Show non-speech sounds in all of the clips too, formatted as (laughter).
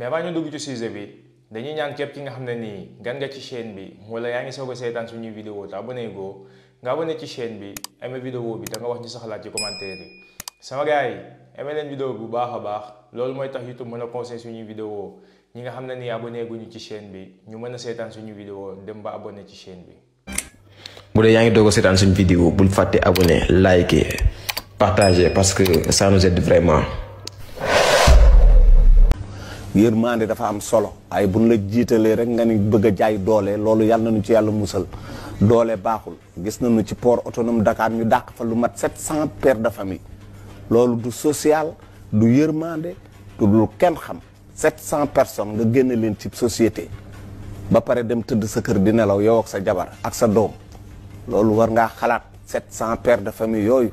mais avant ñu dugg ci sujet bi dañuy ñaan képp ki nga xam ne nii gan nga ci chaîne bi wala yaa ngi soog a seetaan suñuy vidéo te abonné goo nga abonné ci chaîne bi aimé vidéo bi da wax ñu saxalaat ci commentaire yi sama gars yi aimé leen a baax loolu mooy tax YouTube mën a conseil suñuy vidéo ñi nga xam ne nii abonné guñu ci chaîne bi ñu mën a seetaan suñu vidéo dem ba abonné ci chaîne bi bu dee yaa ngi doog a seetaan suñu vidéo bul fàtte abonné liker partager parce que ça nous aide vraiment yërmande dafa am solo ay buñ la jiitalee rek nga ni bëgg a jaay doole loolu yàlla nañu ci yàlla musal doole baaxul gis nañu ci port autonome Dakar ñu dàq fa lu mat 700 pères de famille loolu du social du yërmande du lu kenn xam 700 personnes nga génne leen ci société ba pare dem tëdd sa kër di nelaw yow ak sa jabar ak sa doom loolu war ngaa xalaat 700 pères de famille yooyu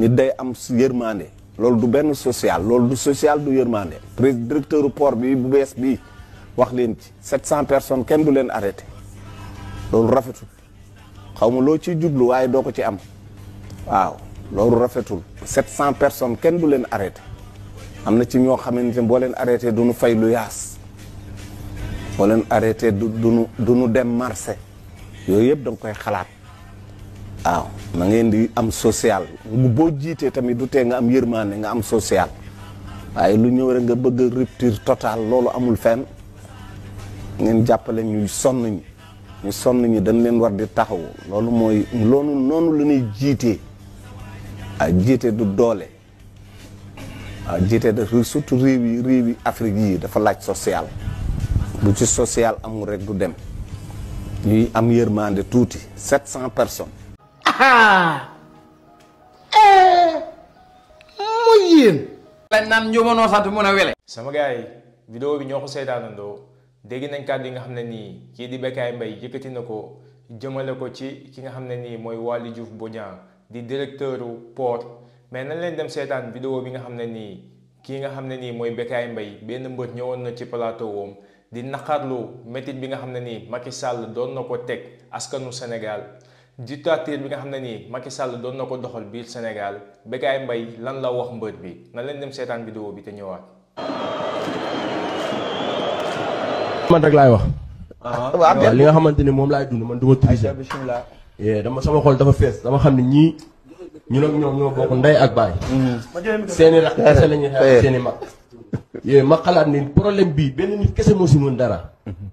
nit day am yërmande loolu du ben social loolu du social du yërmande président directeur port bi bu bees bi wax len ci 700 personnes ken du len arrêter loolu rafetul xaw lo ci djublu waye doko ci am waaw loolu rafetul 700 personnes ken du len arrêter amna ci ño xamante bo len arrêter arrêté du nu fay lu yaas bo len arrêter du du nu du nu dem marché yoyep dang koy xalaat. waaw na ngeen di am social boo jiitee tamit du tee nga am yërmaane nga am social waaye lu ñëw rek nga bëgg rupture totale loolu amul fen ngeen jàppale ñuy sonn ñi ñu sonn ñi dañ leen war di taxaw loolu mooy loolu noonu la ñuy jiitee waaw jiite du doole waaw jiite da surtout réew yi réew yi Afrique yii dafa laaj social bu ci sociale amul rek du dem ñuy am yërmande tuuti sept cent personnes (laughs) Eh, mooy yéen. lañ naan njuumanoo sant mun a wele. sama gaa yi vidéo bi ñoo ko seetaanandoo dégg nañ kàddu yi nga xam ne nii kii di bekkaay mbay yëkkati na ko jëmale ko ci ki nga xam ne nii mooy Waly Diouf Bodiang di directeur port mais na leen dem seetaan vidéo bi nga xam ne nii kii nga xam ne nii mooy Bécaye mbay benn mbër ñëwoon na ci plateau woom di naqarlu métit bi nga xam ne nii Macky sàll doon na ko teg askanu senegal dictateur bi nga xamné ni Macky Sall doon nako doxal biir Sénégal be gay mbay lan la wax mbeut bi na leen dem seetaan vidéo bi te ñëwaat. man rek lay wax. ah (laughs) li nga xamanteni mom lay dund man du ma tricher. dama sama xol dafa fess dama xamni ñi ñu nak ak ñoo bokk nday ak bay mm-hmm. seeni rax kese lañu ñuy eh. seeni mag. yee ma xalaat ni problème bi ben nit kese mo ci mën dara. Mm-hmm.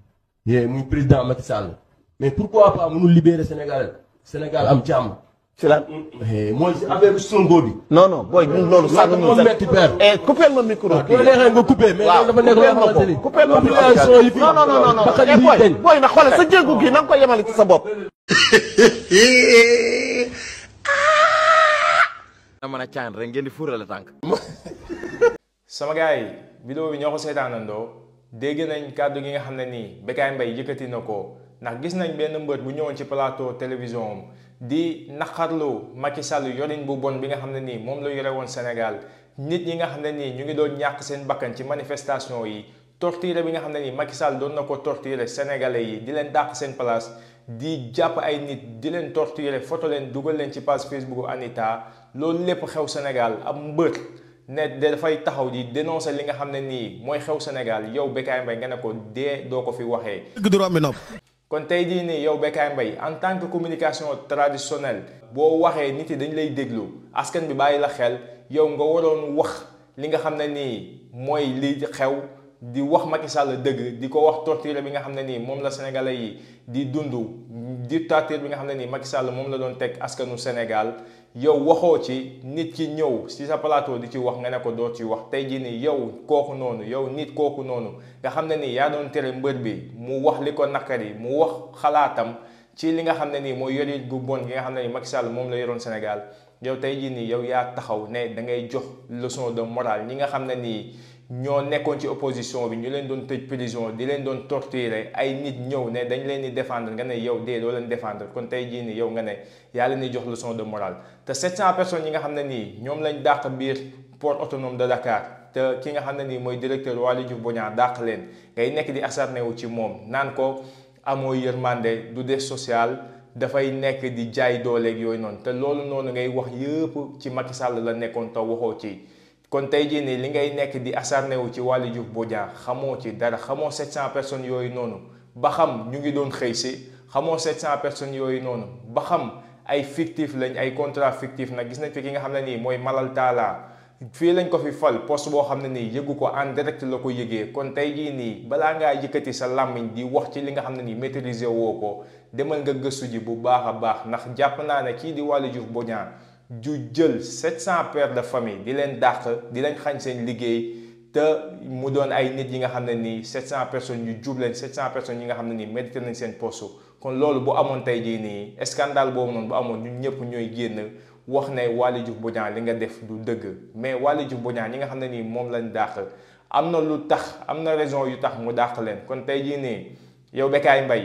yee muy président Macky Sall mais pourquoi pas mënu libérer sénégalais Sénégal am jàmm. ci eh, mooy si affaire songo bi. non non booy loolu. sànq ñu sax et eh, coupé ma micro bi. waaw ma population yi. non non non non eh na xoolal sa jéego gi na nga koy yemale ci sa bopp. a caan rek ngeen di fuurale tànk. (laughs) sama gars yi bi ñoo ko seetaanandoo dégg nañ kàddu gi nga xam ne nii Bécaye Mbaye yëkkati na ko. ndax gis nañ benn mbër bu ñëwoon ci plateau télévision am di naqarlu Macky Sall yorin bu bon bi nga xam ne nii moom la yore woon senegal nit ñi nga xam ne nii ñu ngi doon ñàkk seen bakkan ci manifestation yi torture bi nga xam ne nii Macky Sall doon na ko torturer sénégalais yi di leen dàq seen place di jàpp ay nit di leen torturer photo leen dugal leen ci page Facebook Anita loolu lépp xew Sénégal am mbër ne dafay taxaw di dénoncer li nga xam ne nii mooy xew Sénégal yow Bécaye Mbaye nga ne ko doo ko fi waxee. dëgg du romb kon tey jii nii yow Bécaye mbay en tant que communication traditionnelle boo waxee nit yi dañ lay déglu askan bi bàyyi la xel yow nga waroon wax li nga xam ne nii mooy li xew di wax Macky Sall dëgg di ko wax torture bi nga xam ne nii moom la sénégalais yi di dundu di dictature bi nga xam ne nii Macky Sall moom la doon teg askanu Sénégal yow waxoo ci nit ki ñëw si sa palaatoo di ci wax nga ne ko doo ci wax tey jii nii yow kooku noonu yow nit kooku noonu nga xam ne ni yaa doon tere mbër bi mu wax li ko nakari mu wax xalaatam ci li nga xam ne nii mooy yorit gu bon gi nga xam ne ni Macky Sall moom la yoroon Sénégal yow tey jii nii yow yaa taxaw ne da ngay jox leçon de moraal ñi nga xam ne nii ñoo nekkoon ci opposition bi ñu leen doon tëj prison di leen doon torturer ay nit ñëw ne dañ leen di défendre nga ne yow dee doo leen défendre kon tey jii nii yow nga ne yaa leen di jox leçon de morale te 700 personnes yi nga xam ne nii ñoom lañ dàq biir port autonome de Dakar. te ki nga xam ne nii mooy directeur Waly Diouf Bodiang dàq leen ngay nekk di asarne wu ci moom naan ko amoo yërmande du def social dafay nekk di jaay dooleeg yooyu noonu te loolu noonu ngay wax yëpp ci Macky Sall la nekkoon te waxoo ci. kon tey jii nii li ngay nekk di acharné wu ci Waly Diouf Bodiang xamoo ci dara xamoo 700 personnes yooyu noonu ba xam ñu ngi doon xëy si xamoo 700 personnes yooyu noonu ba xam ay fictif lañ ay contrat fictif nag gis nañ fi ki nga xam ne nii mooy Malal Talla fii lañ ko fi fal post boo xam ne nii yëgu ko en direct la ko yëgee kon tey jii nii balaa ngaa yëkkati sa làmmiñ di wax ci li nga xam ne nii maîtriser woo ko demal nga gëstu ji bu baax a baax ndax jàpp naa ne kii di Waly Diouf Bodiang ju jël 700 pères de famille di leen dàq di leen xañ seen liggéey te mu doon ay nit yi nga xam ne nii 700 personnes yu jub leen 700 personnes yi nga xam ne nii mérité nañ seen poste kon loolu bu amoon tey jii nii scandale boobu noonu bu amoon ñun ñëpp ñooy génn wax ne Waly Diouf Bodiang li nga def du dëgg mais Waly Diouf Bodiang ñi nga xam ne nii moom lañ dàq am na lu tax am na raison yu tax mu dàq leen kon tey jii nii yow Bécaye mbay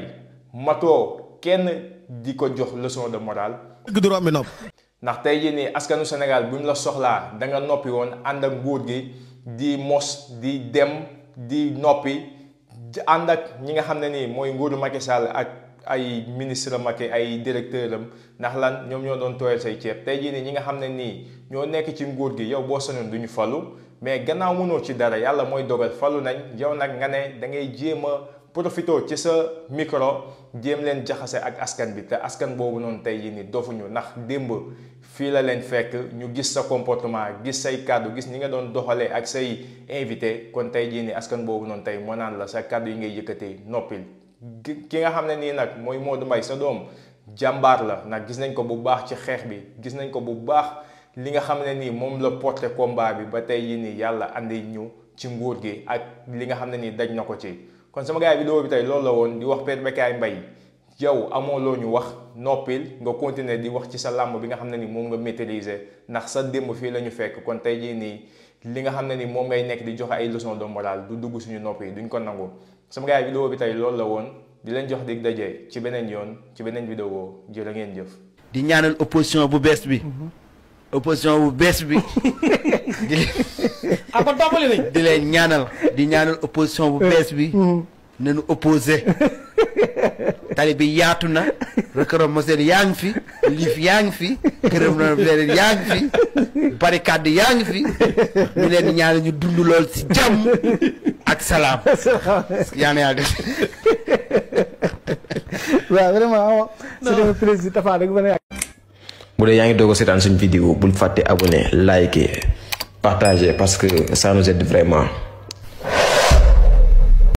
matoo kenn di ko jox leçon de morale. dëgg du ndax tey jii nii askanu Sénégal bi ñu la soxlaa da nga noppi woon ànd ak nguur gi di mos di dem di noppi ànd ak ñi nga xam ne nii mooy nguuru Macky Sall ak ay ministre Macky ay directeur am ndax lan ñoom ñoo doon tooyal say ceeb tey jii nii ñi nga xam ne nii ñoo nekk ci nguur gi yow boo sañoon du ñu falu mais gannaaw mënoo ci dara yàlla mooy dogal falu nañ yow nag nga ne da ngay jéem profito ci sa micro jéem leen jaxase ak askan bi te askan boobu noonu tey jii nii dofuñu ndax démb fii la leen fekk ñu gis sa comportement gis say kàddu gis ni nga doon doxalee ak say invité kon tey jii nii askan boobu noonu tey moo naan la sa kàddu yi ngay yëkkatee noppil ki nga xam ne nii nag mooy Modou Mbaye sa doom jàmbaar la nag gis nañ ko bu baax ci xeex bi gis nañ ko bu baax li nga xam ne nii moom la porté combat bi ba tey yi nii yàlla andi ñu ci nguur gi ak li nga xam ne nii daj na ko ci kon sama gaa yi vidéo bi tey loolu la woon di wax Père Bécaye Mbaye yow amoo loo ñu wax noppil nga continuer di wax ci sa làmb bi nga xam ne ni moom nga maîtriser ndax sa démb fii la ñu fekk kon tey jii nii li nga xam ne ni moom ngay nekk di joxe ay leçon de morale du dugg suñu nopp yi duñ ko nangu sama gars yi vidéo bi tey loolu la woon di leen jox dig daje ci beneen yoon ci beneen vidéo a ngeen jëf. di ñaanal opposition bu bees bi. Mhm. opposition bu bees bi. (laughs) ah di leen ñaanal di ñaanal opposition bu bees bi. Mm-hmm. nañu opposé tali bi yaatu na rëkkëram monsieur yaa ngi fi liif yaa ngi fi këram na leen yaa ngi fi barricade yaa ngi fi ñu leen ñaan ñu dund lool ci jàmm ak salaam (laughs) yaa na yaa def waaw vraiment c'est bu dee yaa ngi doog a seetaan suñu vidéo bul fàtte abonné liker Partager parce que ça nous aide vraiment.